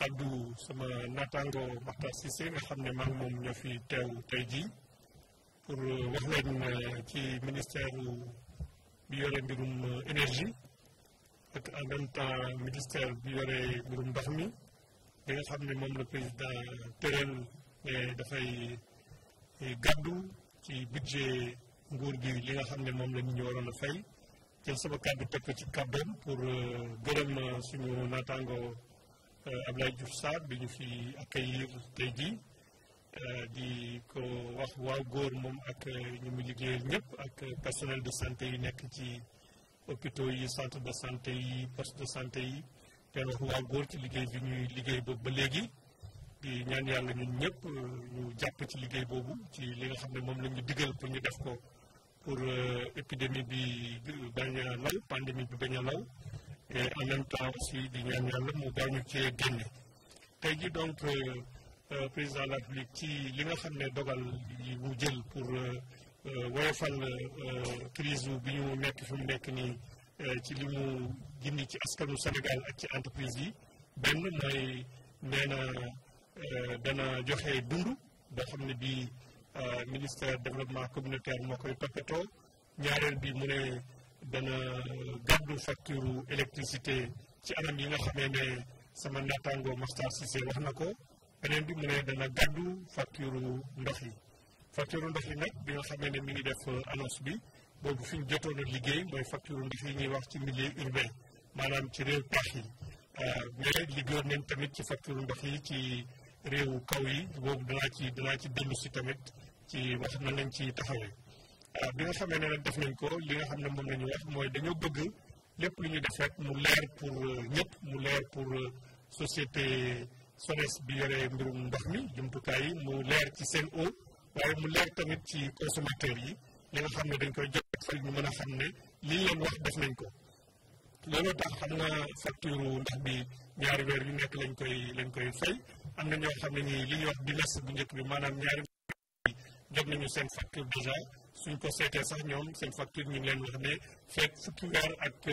tàggu sama naataango Makhtar Cissé nga xam ne maa ngi moom ñoo fi teew tey jii pour wax leen euh, ci ministère bi yore mbirum euh, énergie ak en même temps ministère bi yore mbirum ndox mi li nga xam ne moom la président tëral dafay euh, gàddu ci budget nguur gi li nga xam ne moom la nit ñi waroon a fay jël sama kàddu teg ko ci kàddoom pour gërëm suñu naataango. Euh, Ablaye Diouf Sarr bi ñu fi accueillir tey jii euh, di ko wax waa góor moom ak euh, ñu mu liggéeyal ñëpp ak personnel de santé yi nekk ci hôpitaux yi centre de santé yi poste de santé yi te wax waaw góor ci liggéey bi ñuy liggéey boobu ba léegi di ñaan yàlla ñun ñëpp ñu jàpp ci liggéey boobu ci li nga xam ne moom la ñu digal pour ñu def ko pour épidémie bi bañ a law pandémie bi bañ a law et en même temps aussi di ñaan yàlla mu baal cee génne tey ji donc euh, euh, président de la ci li nga xam ne dogal yi mu jël pour euh, woyofal crise bi ñu nekk fi mu nekk nii ci li mu gindi ci askanu Sénégal ak ci entreprise yi benn mooy nee na dana joxe dund boo xam ne bii ministère développement communautaire moo koy toppatoo ñaareel bi mu ne dana gàddu facture électricité ci anam yi nga xamee ne sama naataango Makhtar Cissé wax na ko beneen bi mu ne dana gàddu facture ndox yi facture ndox yi bi nga xamee ne mi ngi def euh, annonce bi boobu fi ñu jotoon a liggéey mooy facture ndox yi ñuy wax ci milieu urbain maanaam ci réew taax yi euh, mais liggéeyoon nañ tamit ci facture ndox yi ci réewu kaw yi boobu danaa ci danaa ci dellu si tamit ci wax na nañ ci taxawee bi nga xamee ne nag def nañ ko li nga xam ne moom la ñu wax mooy dañoo bëgg lépp lu ñu def rek mu leer pour euh, ñëpp mu leer pour euh, société SONES bi yore mbirum ndox mi jumtukaay yi mu leer ci seen eau waaye mu leer tamit ci consommateurs yi li nga xam ne dañ koy jot fa ñu xam ne liñ leen nañ ko loolu tax xam nga facture ndox bi ñaari weer yu nekk lañ koy lañ koy fay am na ñoo xam ne nii li ñu wax di nas bu njëkk bi maanaam ñaari jot nañu seen facture déjà suñ ko seetee sax ñoom seen facture ñu ngi leen wax ne fekk fukki ak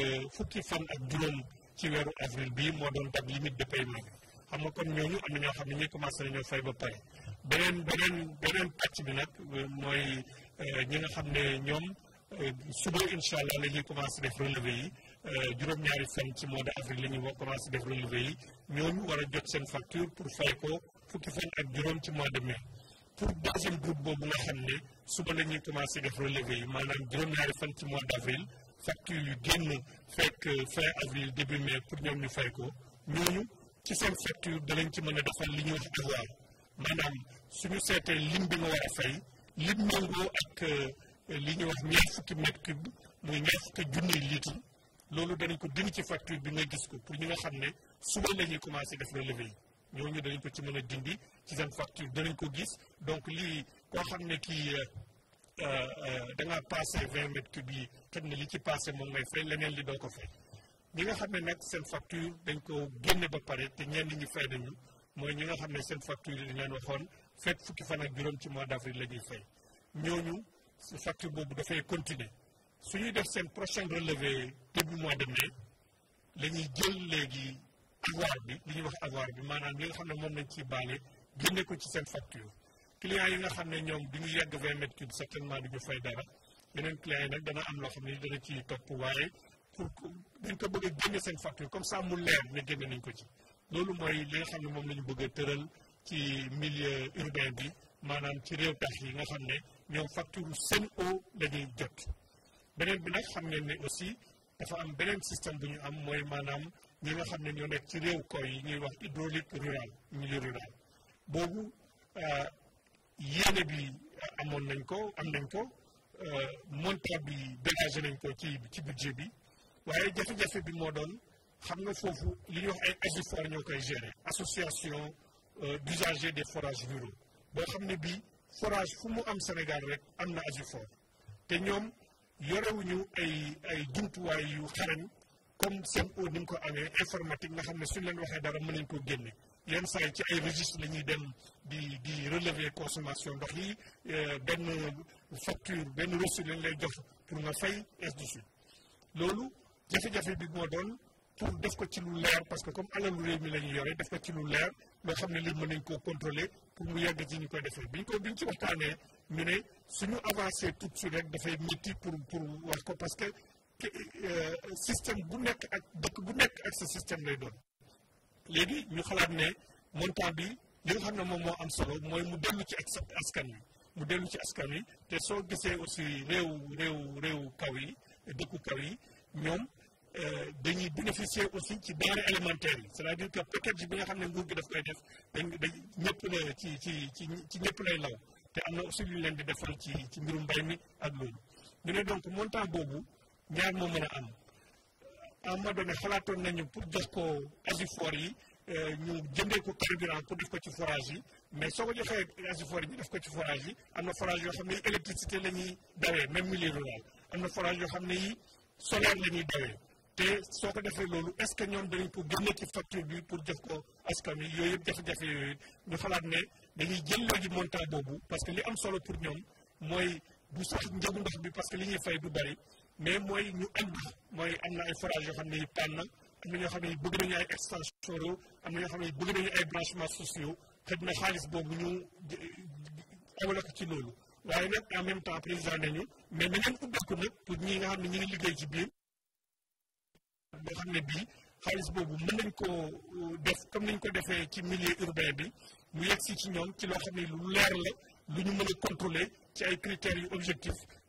euh, fan ak juróom ci weeru avril bi moo doon date limite de paiement bi xam nga kon ñooñu am na ñoo xam ne ñi commencé nañoo fay ba pare beneen beneen beneen pàcc bi nag euh, mooy euh, ñi nga xam ne ñoom suba incha allah la commencé def relevé yi juróom-ñaari fan ci mois de avril la ñuy wa commencé def relevé yi ñooñu war a jot seen facture pour fay ko fukki fan ak juróom ci mois de mai pour deuxième groupe boobu nga xam ne suba la ñuy commencé def relevé yi maanaam juróom-ñaari fan ci mois d' avril facture yu génn fekk euh, fin avril début mai pour ñoom ñu fay ko ñooñu ci seen facture danañ ci mën a defal li ñu wax avoir maanaam suñu seetee lim bi nga war a fay lim méngoo ak euh, li ñuy wax ñaar fukki mètre cube muy ñaar fukki junniy litre loolu danañ ko dindi ci facture bi nga gis ko pour ñi nga xam ne suba la ñuy commencé def relevé yi ñooñu danañ ko ci mën a dindi ci seen facture danañ ko gis donc lii koo xam ne kii euh, euh, da ngaa passé vingt mètres cubes ne xëy na li ci passé moom ngay fay leneen li doo ko fay ñi nga xam ne nag seen facture dañ ko génne ba pare te li ñi fay nañu mooy ñi nga xam ne seen facture yi dañ leen waxoon fekk fukki fan ak juróom ci mois d' avril la ñuy fay ñooñu facture boobu dafay continuer su ñuy def seen prochain relevé début mois de mai la ñuy jël léegi. avoir bi li ñuy wax avoir bi maanaam li nga xam ne moom lañ ciy baale génne ko ci seen facture clients yi nga xam ne ñoom du ñu yegg vingt mètres cubes certainement du ñu fay dara yeneen clients yi nag dana am loo xam ne dana ci topp waaye pour dañ ko bëgg a génne seen comme ça mu leer ne nañ ko ci loolu mooy li nga xam ne moom la ñu bëgg a tëral ci milieu urbain bi maanaam ci réew tax yi nga xam ne ñoom facture Sen'Eau la ñuy jot beneen bi na xam ngeen ne aussi dafa am beneen système bu ñu am mooy maanaam ñi nga xam ne ñoo nekk ci réew kaw yi ñuy wax hydraulique rural milieu rural boobu euh, yéene bi amoon nañ ko am nañ ko euh, montant bi dégagé nañ ko ci ci budget bi waaye jafe-jafe bi moo doon xam nga foofu li ñuy wax ay ASUFOR ñoo koy gérer association euh, d'usagers des forages ruraux boo xam ne bii forage fu mu am Sénégal rek am na ASUFOR te ñoom yorewuñu ay ay jumtuwaay yu xarañ comme seen au ni ko amee informatique nga xam ne suñ leen waxee dara mën nañ koo génne yenn saa yi ci ay registre la ñuy dem di di relever consommation ndox yi euh, benn facture benn reçu lañ lay jox pour nga fay ainsi de suite loolu jafe-jafe bi moo doon pour def ko ci lu leer parce que comme alalu réew mi la ñu yore def ko ci lu leer nga xam ne li mën nañ koo contrôler pour mu yegg ci ñu koy defee bi ko biñ ci waxtaanee ñu ne suñu avancé tout de suite rek dafay métti pour pour wax ko parce que Euh, système bu nekk ak dëkk bu nekk ak sa système lay doon léegi ñu xalaat ne montant bi li nga xam ne moom moo am solo mooy mu dellu ci ak askan wi mu dellu ci askan wi te soo gisee aussi réew réew réew kaw yi dëkku kaw yi ñoom euh, dañuy bénéficier aussi ci denrée alimentaire yi c'est-à-dire que package bi nga xam ne nguur gi daf koy def dañ dañ ñëpp la ci ci ci ñëpp lay law te am na aussi lu leen di defal ci ci mbirum mbay mi ak loolu ñu ne donc montant boobu ñaar moom ma a am Ama Baldé xalaatoon nañu pour jox ko asifor yi euh, ñu jëndee ko carburant pour def ko ci forage yi mais soo ko joxee asifor yi ñu def ko ci forage yi am na forage yoo xam ne yi électricité la ñuy même am na forage yoo xam ne yi solaire la ñuy dawee te soo ko defee loolu est-ce que ñoom danañ pour génne ci facture bi pour jox ko askan wi yooyu yëpp jafe-jafe yooyu ñu xalaat ne dañuy jël léegi montant boobu parce que li am solo pour ñoom mooy bu sax njëgu ndox bi parce que li ñuy fay du mais mooy ñu indi mooy am na ay forage yoo xam ne yi tànn am na ñoo xam ne yi bëgg nañu ay extension ruraux am na ñoo xam ne yi bëgg nañu ay branchements sociaux xëj na xaalis boobu ñu amala ko ci loolu waaye nag en même temps président nañu mais na ngeen ubbeeku nag pour ñi nga xam ne ñi ngi liggéey ci biir boo xam ne bii xaalis boobu mën nañ ko def comme nañ ko defee ci milieu urbain bi mu yegg ci ñoom ci loo xam ne lu leer la lu ñu mën a ci ay critères yu objectifs